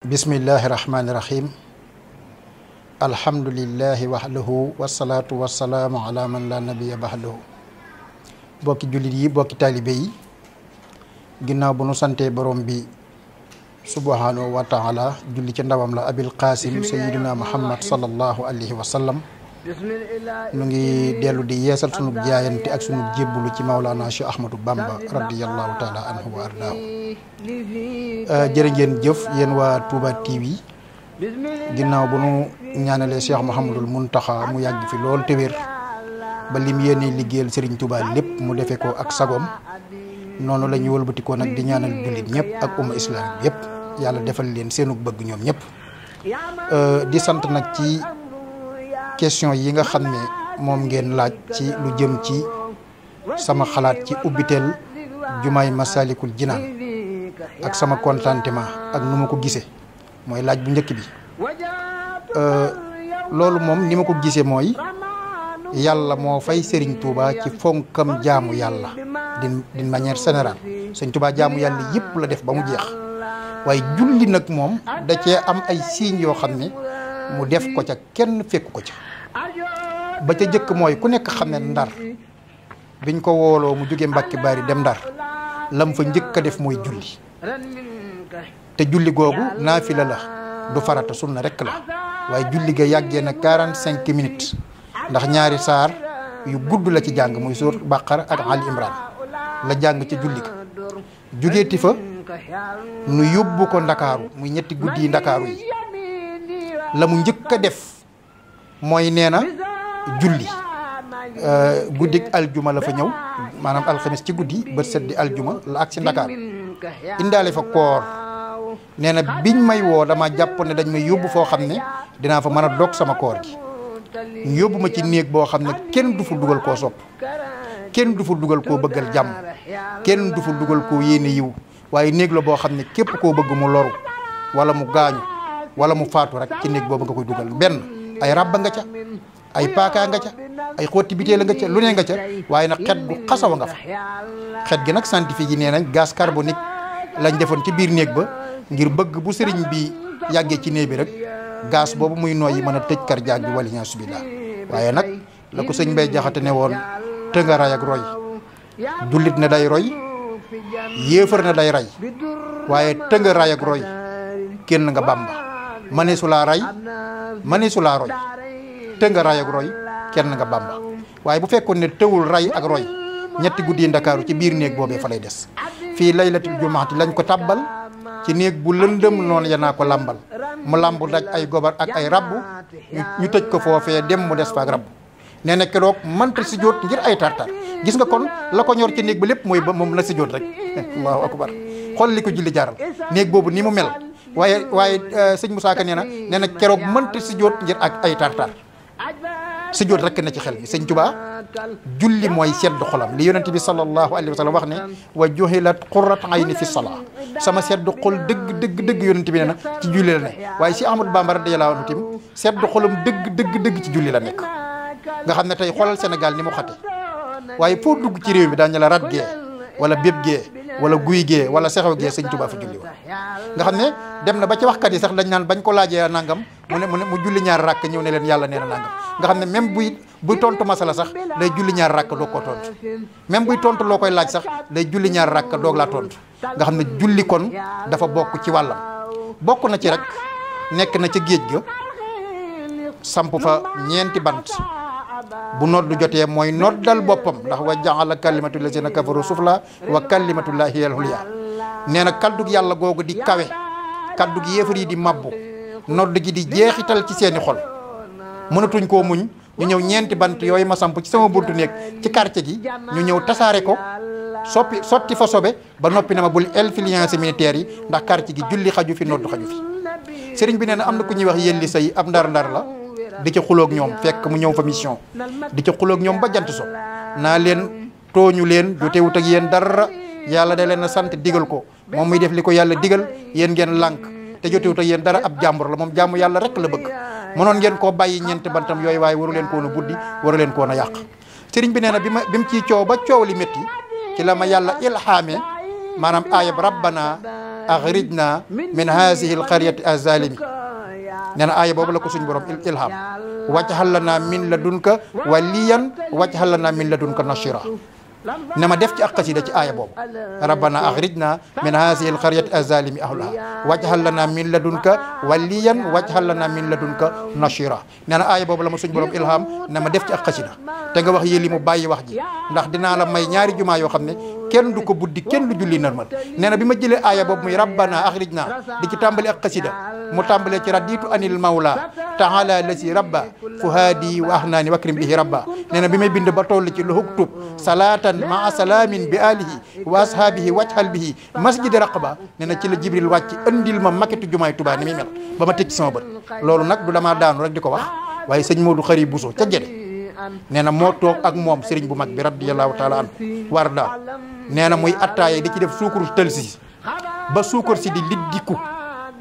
bismillahi rahmaani rahim alhamdulillahi waxdahu wasalaatu wasalaamu ala man la nabiya baxdahu bokki jullit yi bokki taalibe yi ginnaaw bu nu santee borom bi subhanahu wa taala julli ci ndawam la abil qasim sayidina muhammad salallahu alayhi wa nu ngi dellu di yeesal sunu jaayante ak sunu jébbalu ci Maulana Cheikh Ahmadou Bamba radiyallahu taala anhu wa ardaahu euh, jërë ngeen jëf yéen waa Touba TV ginnaaw bu nu ñaanalee Cheikh Mouhamadul Muntaxa mu yàgg fi lool te ba lim yéene liggéeyal sëriñ Touba lépp mu defee ko ak sagom noonu la ñu wëlbatikoo nag di ñaanal jullit ñëpp ak umma islam yëpp yàlla defal leen seenu bëgg ñoom ñëpp euh, di sant nag ci. question yi nga xam ne moom ngeen laaj ci lu jëm ci sama xalaat ci ubbiteel jumaay Masaalikul Jinaan ak sama contentement ak nu ma ko gisee mooy laaj bu njëkk bi euh, loolu moom ni ma ko gisee mooy yàlla moo fay Serigne Touba ci fonkam jaamu yàlla d'une d'une manière générale Serigne Touba jaamu yàlla yëpp la def ba mu jeex waaye julli nag moom da cee am ay signes yoo xam ni mu def ko ca kenn fekku ko ca. ba ca jëkk mooy ku nekk xam ne ndar biñ ko wooloo mu jóge mbàkki bari dem ndar lam fa njëkk a def mooy julli te julli googu naafila la du farata sunna rekk la waaye julli ga yàggee na quarante cinq minutes ndax ñaari saar yu gudd la ci jàng muy suur bàqara ak ali imran la jàng ci julli ga jógeeti fa nu yóbbu ko ndakaaru muy ñetti guddi yi ndakaaru yi la mu njëkk def mooy nee na julli euh, guddik aljuma la fa ñëw maanaam alxames ci guddi ba set di aljuma la ak si Ndakaar indaale fa koor nee na biñ may woo dama jàpp ne dañ may yóbbu foo xam ne dinaa fa mën a dog sama koor gi ñu yóbbu ma ci néeg boo xam ne kenn du fa dugal koo sopp kenn du fa dugal koo bëggal jàmm kenn du fa dugal koo yéene yiw waaye néeg la boo xam ne képp koo bëgg mu loru wala mu gaañu wala mu faatu rek ci néeg boobu nga koy dugal benn ay ràbba nga ca ay oh, paakaa nga ca ay xotti biteel la nga ca lu ne nga ca waaye nag xet gu xasaw nga fa xet gi nag scientifique yi nee nañ gaz carbonique lañ defoon ci biir néeg ba ngir bëgg bu sëriñ bi yàggee ci néeg bi rek gaz boobu muy yi mën a tëj kar jaag bi wala subila waaye nag la ko sëñ bay Jaxate ne woon tënga ray ak roy jullit ne day roy yéefar ne day ray waaye tënga ray roy kenn nga bàmba ma laa ray ma su laa roy të nga ray ak roy kenn nga bàmba waaye bu fekkoon ne tëwul ray ak roy ñetti guddi ndakaaru ci biir néeg boobee fa lay des fii lay laylatul jumaati lañ ko tàbbal ci néeg bu lëndëm noonu naa ko làmbal mu làmb daj ay gobar ak ay rabb ñu tëj ko foofee dem mu des fa ak rabb nee na keroog mënta si jóot ngir ay tartar gis nga kon la ko ñor ci néeg bi lépp mooy ba moom la si jóot rek allahu li ko julli jaaral néeg boobu ni mu mel waaye waaye euh, sëñ Moussa Ka nee na nee na keroog mënta si jóot ngir ak ay tartar sujjóot rekk na ci xel mi sëñ Tuubaa julli mooy sedd xolam li yonent bi sallallahu alayhi wa sallam wax ne wa juhilat qurrat ayni fi salaa sama sedd xol dëgg dëgg dëgg yonent bi ne na ci julli la ne waaye si Ahmadu Bamba radiyallahu anhu tim sedd xolam dëgg dëgg dëgg ci julli la nekk nga xam ne tey xoolal Sénégal ni mu xate waaye foo dugg ci réew mi daañu la rat gee wala béb gee wala guy gee wala sexew gee sëñ Tuubaa fa julli woon nga xam ne dem na ba ci waxkat yi sax lañ naan bañ ko laajee nangam mu mu ne mu julli ñaar ràkk ñëw ne leen yàlla nee na nga xam ne même buy buy tontu masala sax lay julli ñaar rakk doog koo tontu même buy tontu loo koy laaj sax lay julli ñaar rakk doog laa tontu nga xam ne julli kon dafa bokk ci wàllam bokk na ci rek nekk na ci géej ga samp fa ñeenti bant bu nodd jotee mooy noddal boppam ndax wa jaala kalimatu lazina kafaru sufla wa kalimatullahi hiya al-ulya nee na kaddug yàlla googu di kawe kaddug yéefar yi di mabbu nodd gi di jeexital ci seeni xol mënatuñ koo muñ ñu ñëw ñeenti bant yooyu ma samp ci sama buntu néeg ci quartier gi ñu ñëw tasaare ko soppi sotti fa sobe ba noppi na ma bul influence militaire yi ndax quartier gi julli xaju fi noddu xaju fi sëriñ bi nee na am na ku ñuy wax yelli say ab ndar-ndar la di ca xuloog ñoom fekk mu ñëw fa mission di ca xuloog ñoom ba jant so naa leen tooñu leen jotewut ak yéen dara yàlla da leen a sant digal ko moom muy def li ko yàlla digal yéen ngeen lànk te jotewut ak yéen dara ab jàmbur la moom jàmm yàlla rek la bëgg mënoon ngeen koo bàyyi ñeenti bantam yooyu waaye waru leen koo na buddi waru leen koo na yàq sëriñ bi neena na bi ma bi mu coow ba coow li métti ci la ma yàlla ilhaame maanaam ayab rabbana axrijna min haadihi alqaryati azalimi nee na aaya boobu la ko suñ borom ilham wàcc xal la naa min la dunka waliyan wàcc xal la naa min la dunka nashira na ma def ci ak xasida ci aaya boobu rabbana axrijna min haadihi alqaryati azalimi ahluha wajhal lana min ladunka waliyan wajhal lana min la ladunka nashira nee na aaya boobu la ma suñ borom ilham na ma def ci ak xasida te nga wax yéli mu bàyyi wax ji ndax dinaa la may ñaari jumaa yoo xam ne kenn du ko buddi kenn du julli normal nee na bi ma jëlee aaya boobu muy rabbana na di ci tàmbali ak xasida mu tàmbalee ci raditu anil mawla taala lasi rabba fuhaadi wa ahnaani wakrim bihi rabba nee na bi may bind ba toll ci luhuktub salaatan maa salaamin bi alihi wa ashaabihi wajhal bihi masjid raqba nee na ci la jibril wàcc andil ma maketu jumaay tubaa ni muy mel ba ma tëj sama bët loolu nag du dama daanu rek di ko wax waaye sëñ Modou Khari Bousso ca Gede nee na moo toog ak moom sëriñ bu mag bi radiyallahu taala an war daa nee na muy attaaya di ci def suukaru tël si ba suukar si di liddiku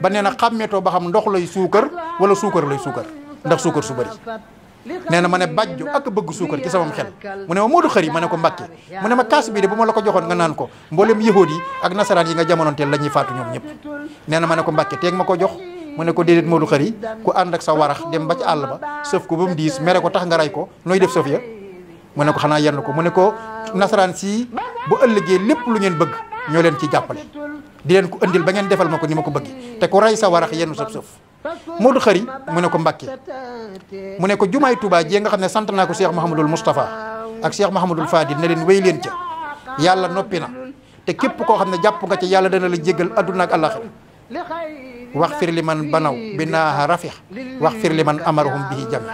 ba nee na xàmmeetoo ba xam ndox lay suukar wala suukar lay suukar ndax suukar su bëri nee na ma ne bàjjo ak bëgg suukar ci samam xel mu ne ma Moodu Xari ma ne ko Mbàkke mu ne ma kaas bii de bu ma la ko joxoon nga naan ko mboolem yahood yi ak nasaraan yi nga jamonoonteel la ñuy faatu ñoom ñëpp na ma ne ko Mbàkke teeg ma ko jox mu ne ko déedéet Modou Khari ku ànd ak sa warax dem ba àll ba sëf ko ba mu diis mere ko tax nga ray ko nooy def sëf ya mu ne ko xanaa yenn ko mu ne ko nasaraan sii bu ëllëgee lépp lu ngeen bëgg ñoo leen ci jàppale di leen ko indil ba ngeen defal ma ko ni ma ko bëggee te ku ray sa warax yenn sëf sëf Modou Khari mu ne ko Mbàkke mu ne ko jumaay Touba jee nga xam ne sant naa ko seex Cheikh Mahamadul Moustapha ak Cheikh Mahamadul Fadil ne leen wéy leen ca yàlla noppi na te képp koo xam ne jàpp nga ca yàlla dana la jéggal adduna ak àllaxira wax fir li man banaw bi naaha rafix wax fir li man amarahum bihi jami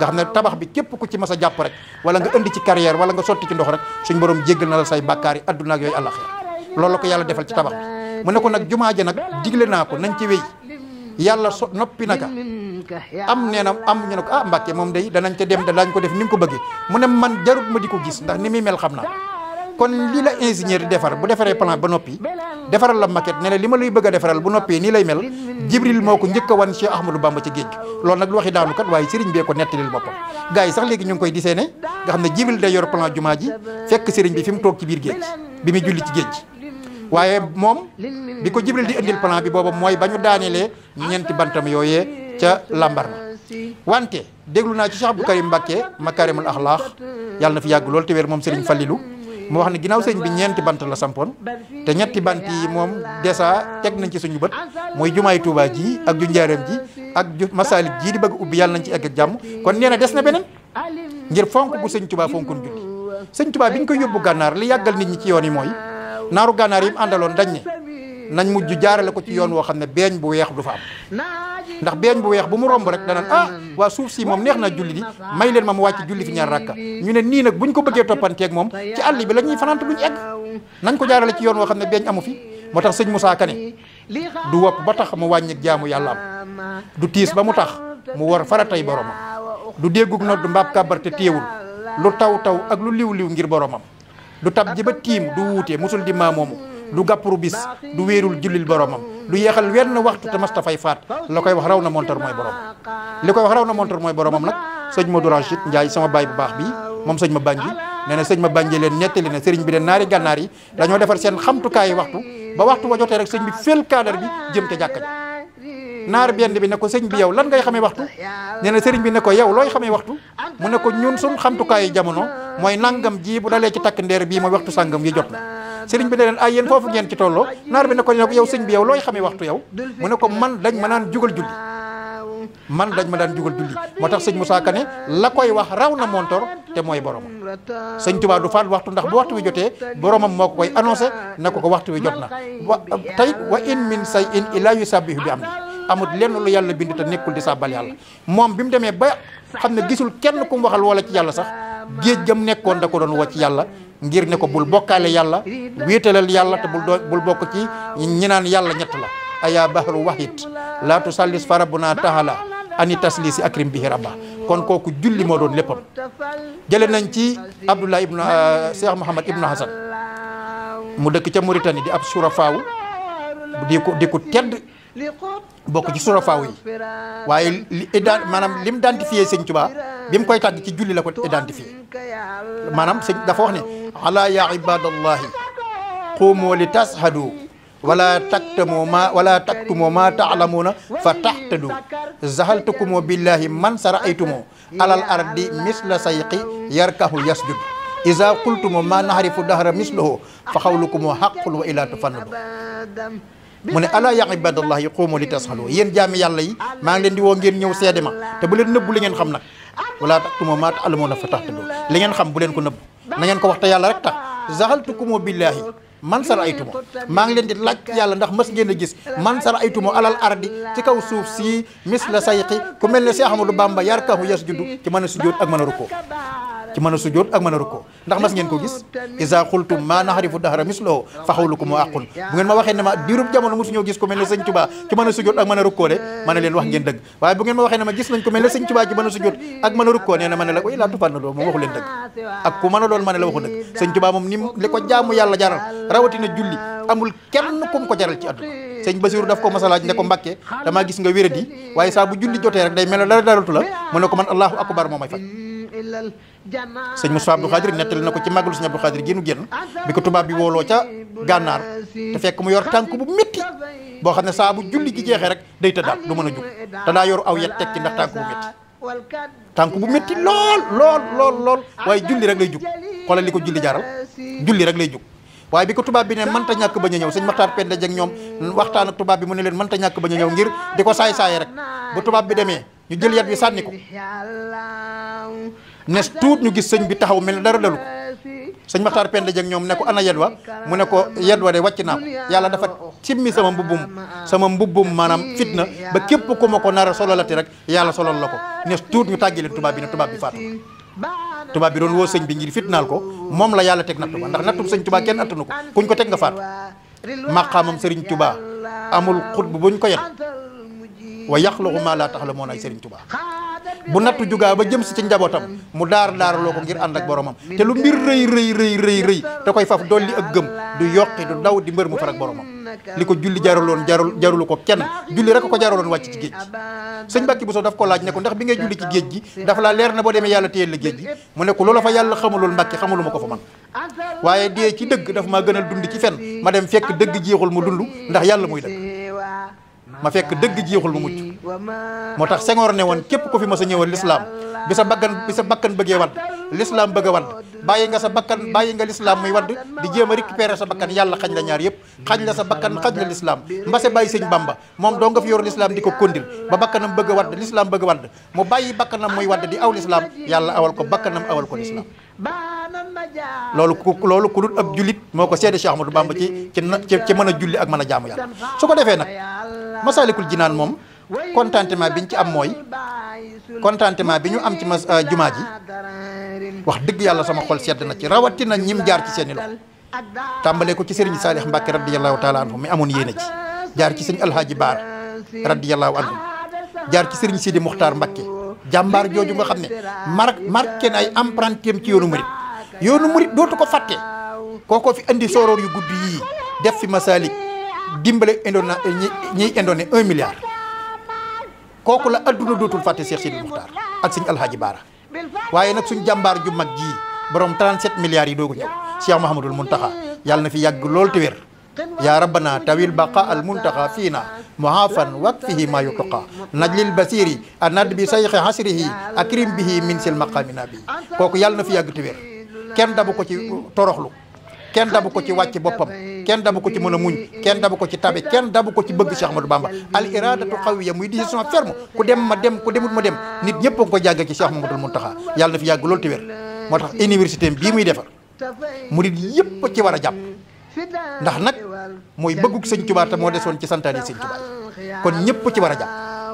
nga xam ne tabax bi képp ku ci mas a jàpp rek wala nga indi ci carrière wala nga sotti ci ndox rek suñ borom jéggal na la say bàkkaar yi adduna ak yooyu àllaxira loolu ko yàlla defal ci tabax bi mu ne ko nag jumaa ja nag digle naa ko nañ ci wey yàlla so noppi naka am nee na am ñu ne ko ah Mbàkke moom day danañ ca dem danañ ko def ni ko bëggee mu ne man jarut ma di ko gis ndax ni muy mel xam naa kon lii la ingénieur di defar bu defaree plan ba noppi defaral la maquette ne la li ma lay bëgg a defaral bu noppi nii lay mel Jibril moo ko njëkk a wan Cheikh Ahmadou Bamba ci géej gi loolu nag lu waxi daanu kat waaye sëriñ bee ko nettalil boppam gars yi sax léegi ñu ngi koy disee ne nga xam ne Jibril day yor plan jumaa ji fekk sëriñ bi fi mu toog ci biir géej bi muy julli ci géej waaye moom bi ko Jibril di indil plan bi booba mooy ba ñu daanelee ñeenti bantam yooyee ca làmbar na déglu naa ci Cheikh Abdou Karim Mbacké Makarimul Akhlaq yàlla na fi yàgg lool te wér moom Serigne Fallilou moo wax ne ginnaaw sëñ bi ñeenti bant la sampoon te ñetti bant yi moom dèjà teg nañ ci suñu bët mooy jumaay Touba ji ak ju njaareem ji ak ju masalik jii di bëgg ubbi yàlla nañ ci egg jàmm kon nee des na beneen ngir fonk bu sëñ Touba fonkoon julli sëñ Touba bi ñu koy yóbbu gànnaar li yàggal nit ñi ci yoon yi mooy naaru gànnaar yi mu àndaloon dañ ne nañ mujj jaarale ko ci yoon woo xam ne beeñ bu weex du fa am ndax beeñ bu weex bu mu romb rek danaan ah waa suuf si moom neex na julli di may leen ma mu wàcc julli fi ñaar rakka ñu ne nii nag buñ ko bëggee toppanteeg moom ci àll bi la ñuy fanante duñ egg nañ ko jaarale ci yoon woo xam ne beeñ amu fi moo tax sëñ Moussa Kane du wopp ba tax mu wàññi jaamu yàlla am du tiis ba mu tax mu war faratay boromam du déggug nodd mbaab kàbbar te téewul lu taw taw ak lu liw liw ngir boromam du tab ji ba tiim du wuute musul maa moomu du gàppru bis du wéerul jullil boromam du yeexal wenn waxtu te mas fay faat la koy wax raw na montar mooy borom li koy wax raw na montar mooy boromam nag sëñ Modou Rachid Ndiaye sama baay bu baax bi moom sëñ ma bànji nee na sëñ ma bànji leen nettali na sëriñ bi de naari gànnaar yi dañoo defar seen xamtukaayi waxtu ba waxtu wa jotee rek sëñ bi fel kaadar bi jëm te jàkka naar benn bi ne sëñ bi yow lan ngay xamee waxtu nee na sëriñ bi nekko ko yow looy xamee waxtu mu ne ko ñun suñ xamtukaayu jamono mooy nangam ji bu dalee ci takk ndeer bii mooy waxtu sàngam yi jot na sëriñ bi ne leen ay yéen foofu ngeen ci tolloo naar bi ne ko ne yow sëñ bi yow looy xamee waxtu yow mu ne ko man dañ ma naan jugal julli man dañ ma daan jugal julli moo tax sëñ Moussa Ka ne la koy wax raw na montor te mooy boromam sëñ Tuubaa du faat waxtu ndax bu waxtu wi jotee boromam moo ko koy annoncé na ko ko waxtu wi jot na tey wa in min say in ila yusabbihu bi am amul lenn lu yàlla bind te nekkul di sàbbal yàlla moom bi mu demee ba xam ne gisul kenn ku mu waxal wala ci yàlla sax géej gam nekkoon da ko doon woo ci yàlla ngir ne ko bul bokkaale yàlla wéetalal yàlla te bul bul bokk ci ñi naan yàlla ñett la aya bahru wahid laa tusallis fa rabbuna taala ani taslisi akrim bihi rabba kon kooku julli moo doon léppam jële nañ ci abdullah ibnu ah, cheikh mouhamad ibnu hasan mu dëkk ca Mauritanie di ab surafaawu di di ko tedd bokk ci surafaaw yi waaye li maanaam lim identifié sëñ Tuubaa bi mu koy tàgg ci julli la ko identifié maanaam sëñ dafa wax ne ala ya ibadallahi quumu li tashadu wala taktumu ma wala taktumu ma taalamuuna fa tahtadu zahaltukumu billahi man saraaytumu alal ardi misla sayqi yarkahu yasjud iza qultumu ma nahrifu dahra mislahu fa xawlukumu haqqul wa ila tafannadu mu ne alaa yaa ibadallah quumu li tasxalu yéen jaami yàlla yi maa leen di woo ngeen ñëw seede ma te bu leen nëbbu li ngeen xam nag wala taktumu maa ta'lamuuna fa tahtadu li ngeen xam bu leen ko nëbbu na ngeen ko wax te yàlla rek tax zaxaltukumu billaahi man sara ay tumo maa ngi leen di laaj yàlla ndax mas ngeen a gis man sara ay tumo alal ardi ci kaw suuf sii mis sa sayqi ku mel ne si Ahmadou Bamba yarkahu yasjudu ci mën a sujjóot ak mën a rukkoo ci mën a sujjóot ak mën a rukkoo ndax mas ko gis isa xultum maa naxarifu dahra misloo fa xawlukum mu àqun bu ngeen ma waxee ne ma jamono mosuñoo gis ku mel sëñ Tuubaa ci mën a sujjóot ak mën a rukkoo de ma leen wax ngeen dëgg waaye bu ma waxee ne gis nañ ku mel sëñ Tuubaa ci mën a sujjóot ak mën a rukkoo nee na ma ne la way na doon moom waxu dëgg ak ku mën a doon ma la waxu dëgg sëñ Tuubaa moom ni li sëñ Moussa Abdou Khadir nettali na ko ci màggalu sëñ Abdou Khadir gi nu génn bi ko tubaab bi wooloo ca gànnaar te fekk mu yor tànk bu métti boo xam ne saa bu julli gi jeexee rek day tëddaat du mën a jug te daa yoru aw yet teg ci ndax tànk bu métti tànk bu métti lool lool lool lool waaye julli rek lay jug xoolal li ko julli jaaral julli rek lay jug waaye bi ko tubaab bi ne mënta ñàkk bañ a ñëw sëñ Maxtaar Penda Jeng ñoom waxtaan ak tubaab bi mu ne leen mënta ñàkk bañ a ñëw ngir di ko saay-saaye rek bu tubaab bi demee ñu jël yat bi sànni ko nes tuut ñu gis sëñ bi taxaw mel ne dara dalu sëñ Maxtaar Penda Jeng ñoom ne ko ana yet wa mu ne ko yet wa de wàcc naa ko yàlla dafa simmi sama mbubbum sama mbubbum maanaam fitna ba képp ku ma ko nara solalati rek yàlla solal la ko nes tuut ñu tàggee tubaab bi na tubaab bi faatu tubaab bi doon woo sëñ bi ngir fitnaal ko moom la yàlla teg nattu ba ndax nattum sëñ Tuubaa kenn attanu ko kuñ ko teg nga faatu maqaamam sëriñ tubaa amul xut bu buñ ko yet wa yaxluqu maa laa taxlamuun ay Serigne Touba bu nattu jugaa ba jëm si ci njabootam mu daar daaraloo ko ngir ànd ak boromam te lu mbir rëy rëy rëy rëy rëy da koy faf dolli ak gëm du yoqi du daw di mbër mu farak boromam li ko julli jaraloon jarul jarulu ko kenn julli rek ko jaraloon wàcc ci géej gi sëñ Mbàkke Buso daf ko laaj ne ndax bi ngay julli ci géej gi dafa laa leer na boo demee yàlla te la géej gi mu ne ko loola fa yàlla xamalul Mbàkke xamalu ma ko fa waaye dee dëgg dafa maa gënal dund ci fen ma dem fekk dëgg jeexul mu dund ndax yàlla muy dëgg ma fekk dëgg ji yoxul mu mucc moo tax Senghor ne woon képp ku fi ma a ñëwal lislaam bi sa bakkan bi sa bakkan bëggee wadd lislaam bëgg a wadd bàyyi nga sa bakkan bàyyi nga lislaam muy wadd di jéem a récupérer sa bakkan yàlla xañ la ñaar yëpp xaj la sa bakkan xaj la lislaam mbase bàyyi sëñ bamba moom doo nga fi yor lislaam di ko kondil ba bakkanam bëgg a wadd lislaam bëgg a wadd mu bàyyi bakkanam muy wadd di aw lislaam yàlla awal ko bakkanam awal ko lislaam loolu ku loolu ku ak ab jullit moo ko seede Cheikh Ahmadou Bamba ci ci ci mën a julli ak mën a jaamu yàlla su ko defee nag masalikul jinaan moom contentement bi ñu ci am mooy contentement bi ñu am ci ma euh, jumaa ji wax dëgg yàlla sama xol sedd na ci rawatina ñim jaar ci seeni loxo tàmbalee ko ci sëriñ Saalix Mbàkke radiyallaahu taala anhu mi amoon yéene ji jaar ci sëriñ Alhaaji Baar radiyallaahu anhu jaar ci sëriñ Sidi Muxtaar Mbàkke jàmbaar jooju nga xam ne mar marqué na ay empreinteem ci yoonu murit yoonu murit dootu ko fàtte ko fi indi sooroor yu gudd yii def fi masaalik dimbale indona ñiy indone un milliard kooku la adduna dootul fàtte Cheikh Sidi Muxtaar ak sëriñ Alhaaji Baara waaye nag suñ jàmbaar ju mag jii borom 37 milliards yi doogu ñëw Cheikh Mahamadul Muntaxa yàlla na fi yàgg lool te wér yaa rabbana tawil baqa al muntaxa fiina muhafan wakfihi ma yutuqa najlil basiri a nadd bi sayxi hasrihi akrim bihi min sil maqamina bi kooku yàlla na fi yàgg te wér kenn dabu ko ci toroxlu kenn dabu ko ci wàcc boppam kenn dabu ko ci mën muñ kenn dabu ko ci tabe kenn dabu ko ci bëgg Cheikh Ahmadou Bamba al iradatu qawiya muy décision ferme ku dem ma dem ku demut ma dem nit ñëpp a ngi ko jàgg ci Cheikh Mamadou Muntaxa yàlla na yàgg loolu te wér moo tax université bii muy defar murit yëpp ci war a jàpp ndax nag mooy bëggug sëñ Tuubaa te moo desoon ci santaane sëñ Tuubaa kon ñëpp ci war a jàpp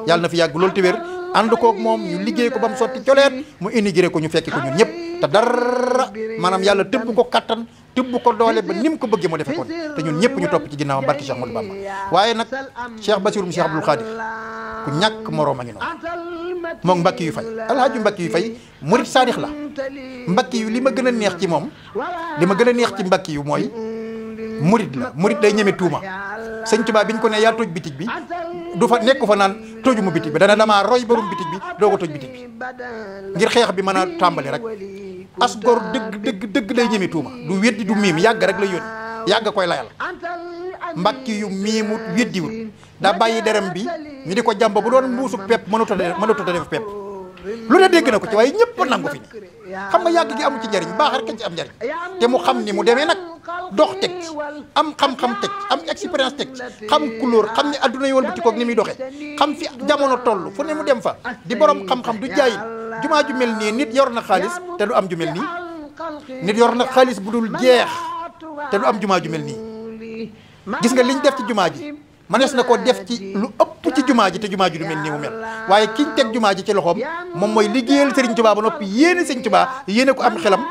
yàlla na fi yàgg loolu te wér ànd koog moom ñu liggéey ko ba mu sotti coleet mu inigré ko ñu fekki ko ñun ñëpp te dara maanaam yàlla tëbb ko kattan tëbb ko doole ba ni ko bëggee mu defe kon te ñun ñëpp ñu topp ci ginnaawam barki Cheikh Modou Bamba waaye nag Cheikh Bassirou Cheikh Abdoul Khadir ku ñàkk moroom a ngi noonu moom mbakki yu fay alxaaju mbakki yu fay murit saadix la mbakki yu li ma gën a neex ci moom li ma gën a neex ci mbakki yu mooy murit la murit day ñeme tuuma sëñ Tuubaa bi ñu ko ne yaa toj bitig bi du fa nekku fa naan tojuma bitig bi dana damaa roy borom bitig bi doo ko toj bitig bi ngir xeex bi mën a tàmbali rek as gor dëgg dëgg dëgg day ñeme tuuma du weddi du miim yàgg rek la yónni yàgg koy layal mbakki yu miimut weddiwul daa bàyyi derem bi ñu di ko jàmba bu doon mbuusu pepp mënut a mënut a def pepp lu ne dégg na ko ci waaye ñëpp nangu fi ni xam nga yàgg gi amu ci jariñ baax rek ci am njariñ te mu xam ni mu demee nag dox teg ci am xam-xam teg am expérience teg ci xam couleur xam ne adduna yi wëlbatikook ni muy doxee xam fi jamono toll fu ne mu dem fa di borom xam-xam du jaay jumaa ju mel nii nit yor na xaalis te du am ju mel nii nit yor na xaalis bu dul jeex te du am jumaa ju mel nii gis nga liñ def ci jumaa ji mënees na ko def ci lu ëpp jumaa ji te jumaa ji du mel nii mu mel waaye kiñ teg jumaa ji ci loxoom moom mooy liggéeyal Serigne Touba ba noppi yéene Serigne Touba yéene ko am xelam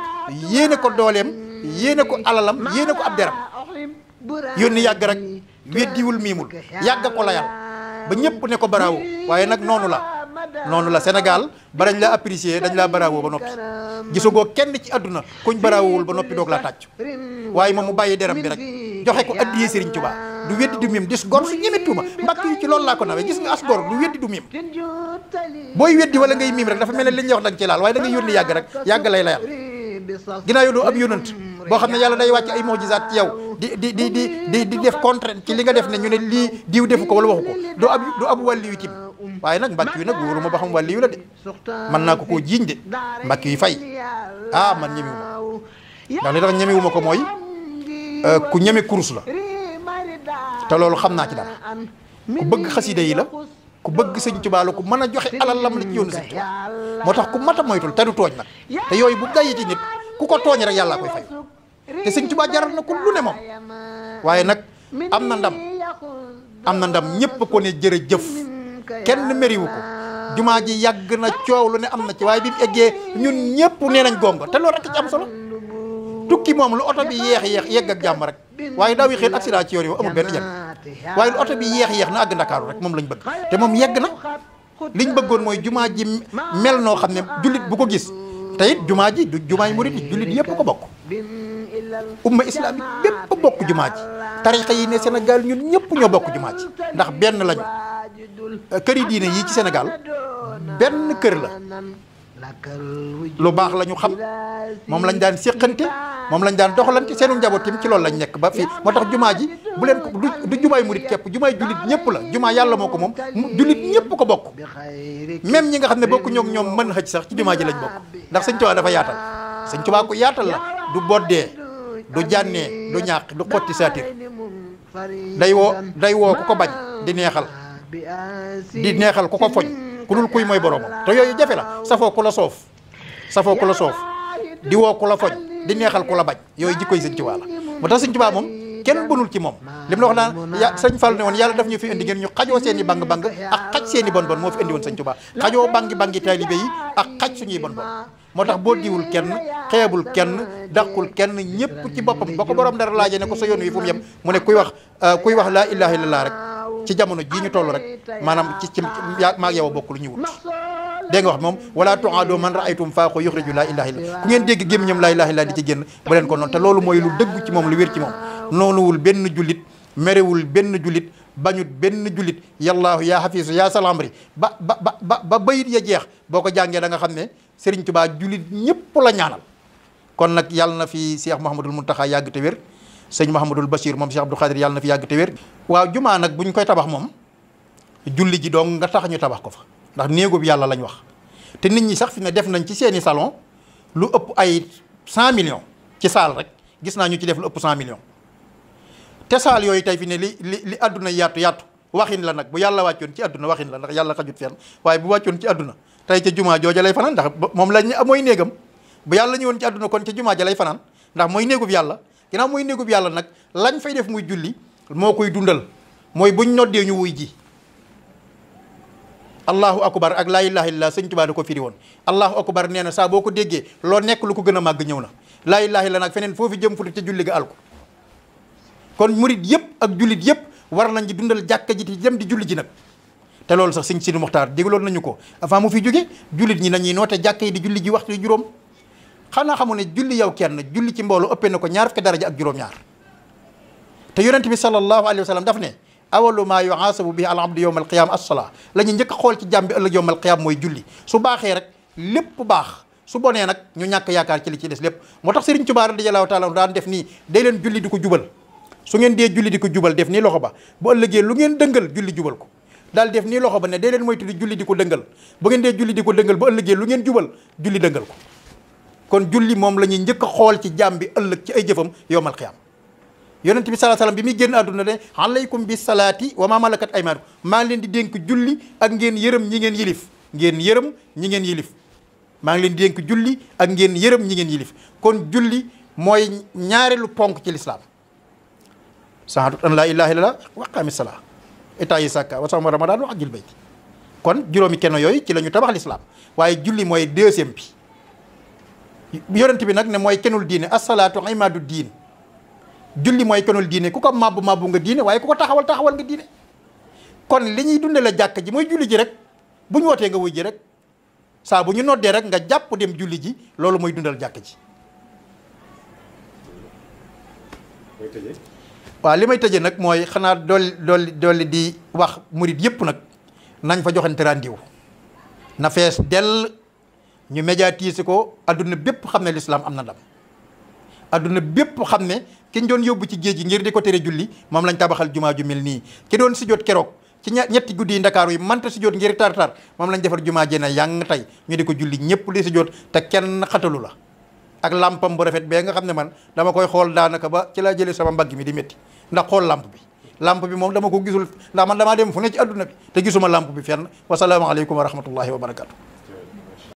yéene ko dooleem yéene ko alalam yéene ko ab deram yónni yàgg rek weddiwul miimul yàgg ko layal ba ñëpp ne ko baraawo waaye nag noonu la noonu la Sénégal ba dañ la apprécier dañ laa baraawoo ba noppi gisagoo kenn ci àdduna kuñ baraawowul ba noppi doog laa tàcc waaye moom mu bàyyi deram bi rek ko addiyee Serigne Touba du weddi du mim dis gor su ñeme tuuma mbàkk yi ci loolu laa ko nawee gis nga as gor du weddi du mim booy weddi wala ngay mim rek dafa mel ne li ñuy wax da nga ci laal waaye da ngay yónni yàgg rek yàgg lay layal ginnaaw yow ab xam ne yàlla day wàcc ay mojisaat ci yow di di di di di def contrainte ci li nga def ne ñu ne lii diw defu ko wala waxu ko du ab du ab waaye nag mbàkk yu nag wóoru ma ba xam wàllu yu la de mën naa ko koo jiiñ de mbàkk yu fay ah man ñemewu ma ndax li tax ñemewu ma ko mooy euh, ku ñeme kurus la te loolu xam naa ci dara ku bëgg xasida yi la ku bëgg sëñ Tuubaa la ku mën a joxe alal lam la ci yoonu sëñ Tuubaa moo tax ku mat a moytul te du tooñ nag te yooyu bu dayee ci nit ku ko tooñ rek yàllaa koy fay te sëñ Tuubaa jaral na ku lu ne moom waaye nag am na ndam am na ndam ñëpp ko ne jëf kenn mériwu ko jumaa ji yàgg na coow lu ne am na ci waaye bi mu eggee ñun ñëpp nee nañ gongo te loolu rek ci am solo tukki moom lu oto bi yeex yeex yegg ak jàmm rek waaye daaw yi xëy accident ci yoon yi amul benn jàng waaye lu oto bi yeex yeex na àgg ndakaaru rek moom lañ bëgg te moom yegg na liñ bëggoon mooy jumaa ji mel noo xam ne jullit bu ko gis te jumaa ji du jumaa yi murit yi jullit yëpp ko bokk umma islamique bépp a bokk jumaa ji tarixa yi ne Sénégal ñun ñëpp ñoo bokk jumaa ji ndax benn lañu këri diine yi ci Sénégal benn kër la lu baax la ñu xam moom lañ daan séqante moom lañ daan doxalante seenu njaboot tamit ci loolu lañ nekk ba fi moo tax jumaa ji bu leen ko du jumaay murit képp jumaay jullit ñëpp la jumaa yàlla moo ko moom jullit ñëpp ko bokk même ñi nga xam ne bokku ñoom ñoom mën xëj sax ci jumaa ji lañ bokk ndax sëñ Tuubaa dafa yaatal sëñ Tuubaa ko yaatal la du boddee du jànnee du ñàq du xotti saatir day woo day woo ku ko bañ di neexal di neexal ku ko foñ ku dul kuy mooy boroomam te yooyu jafe la safoo ku la soof safoo ku la soof di woo ku la foñ di neexal ku la bañ yooyu jikko yi sëñ Tuubaa la moo tax sëñ Tuubaa moom kenn bënul ci moom li mu la wax naan ya sëñ Fall ne woon yàlla daf ñu fi indi ngeen ñu xajoo seen i bang-bang ak xaj seen i bon bon moo fi indi woon sëñ Tuubaa xajoo bangi-bangi taalibe yi ak moo tax boo diwul kenn xeebul kenn dàqul kenn ñëpp ci boppam ba ko borom dara laajee ne ko sa yoon wi fu mu yem mu ne kuy wax euh, kuy wax laa ilaaha illallaah rek ci jamono jii ñu toll rek maanaam ci ci maag yow a bokk lu ñu wut dégg nga wax moom wala tuaadoo man raaytum faa ko yuxriju laa ilaha illa ku ngeen dégg gémmiñam laa ilaha illa di ci génn ba leen ko noonu loolu mooy lu dëgg ci moom lu wér ci moom noonuwul benn jullit merewul benn jullit bañut benn jullit yallaahu yaa xafiisu yaa salamri ba ba ba ba ba bayit ya jeex boo ko jàngee da nga xam ne Serigne Touba jullit ñëpp la ñaanal kon nag yàlla na fi Cheikh Mouhamadul Mountakha yàgg te wér sëñ Mahamadul Bachir moom Cheikh Abdou Khadir yàlla na fi yàgg te waa waaw jumaa nag buñ koy tabax moom julli ji dong nga tax ñu tabax ko fa ndax néegub yàlla lañ wax te nit ñi sax fi ne def nañ ci seeni salon lu ëpp ay cent millions ci saal rek gis naa ñu ci def lu ëpp cent millions te saal yooyu tey fi ne li li li àdduna yaatu yaatu waxin la nag bu yàlla wàccoon ci àdduna waxin la ndax yàlla xajut fenn waaye bu wàccoon ci àdduna tey ca jumaa jooja lay fanaan ndax moom lañ mooy néegam bu yàlla ñëwoon ci àdduna kon ca jumaa ja lay fanaan ndax mooy néegub yàlla ginnaaw mooy néegub yàlla nag lañ fay def muy julli moo koy dundal mooy bu buñ noddee ñu wuy ji allahu akbar ak laay ilaha illallah sëñ Tuubaa da ko firi woon allahu akbar nee na saa boo ko déggee loo nekk lu ko gën a màgg ñëw na laa ilaha illallah nag feneen foofu jëm futi ca julli ga al ko kon murit yëpp ak jullit yëpp war nañ di dundal jàkka ji ti dem di julli ji nag te loolu sax siñ Sidi Muxtaar dégloon nañu ko avant mu fi jóge jullit ñi nañuy noote jàkka yi di julli ji waxtu juróom xanaa xamu ne julli yow kenn julli ci mbooloo ëppee na ko ñaar fukki daraja ak juróom-ñaar te yonent bi sallallahu alayhi wa daf ne awalu maa yuhaasabu bihi al abdu yowma alqiyaama assalaa la ñu njëkk xool ci jàmm bi ëllëg yowma alqiyaama mooy julli su baaxee rek lépp baax su bonee nag ñu ñàkk yaakaar ci li ci des lépp moo tax Sëriñ Tuubaa radiyallaahu taala daan def nii day leen julli di ko jubal su ngeen dee julli di ko jubal def nii loxo ba bu ëllëgee lu ngeen dëngal julli jubal ko daal def nii loxo ba ne day leen moytu di julli di ko dëngal bu ngeen dee julli di ko dëngal bu ëllëgee lu ngeen jubal julli dëngal ko kon julli moom la ñuy njëkk a xool ci jaam bi ëllëg ci ay jëfam yowmal xiyaam yonent bi salaa salaam bi muy génn àdduna de alaykum bi salaati wa maa malakat aymaanukum maa ngi leen di dénk julli ak ngeen yërëm ñi ngeen yilif ngeen yërëm ñi ngeen yilif maa ngi leen di dénk julli ak ngeen yërëm ñi ngeen yilif kon julli mooy ñaareelu ponk ci lislaam sahaadut an laa ilaaha illallah wax qaami salaa itaa yi sàkka wa sawma ramadaan wa ajjil bayt kon juróomi kenn yooyu ci la tabax lislaam waaye julli mooy deuxième bi yonent bi nag ne mooy kenul diine asalaatu imaadu diin julli mooy kenul diine ku ko màbbu màbbu nga diine waaye ku ko taxawal taxawal nga diine kon li ñuy dunde la jàkk ji mooy julli ji rek bu ñu wootee nga wuy ji rek saa bu ñu noddee rek nga jàpp dem julli ji loolu mooy dundal jàkk ji waaw li may tëje nag mooy xanaa dolli dolli di wax murit yépp nag nañ fa joxante rendez-vous na fees dell ñu médiatiser ko adduna bépp xam ne lislaam am na ndam adduna bépp xam ne ki ñu doon yóbbu ci géej gi ngir di ko tere julli moom lañ tabaxal jumaa ju mel nii ki doon si jot keroog ci ñetti guddi yi ndakaaru yi manta si jot ngir tar tar moom lañ defar jumaa jëna yang tey ñu di ko julli ñëpp di si jot te kenn xatalu la ak lampam bu rafet bee nga xam ne man dama koy xool daanaka ba ci laa jëlee sama mbagg mi di métti ndax xool lamp bi lamp bi moom dama ko gisul ndax man damaa dem fu ne ci adduna bi te gisuma lamp bi fenn wasalaamaaleykum wa rahmatullahi wa barakatu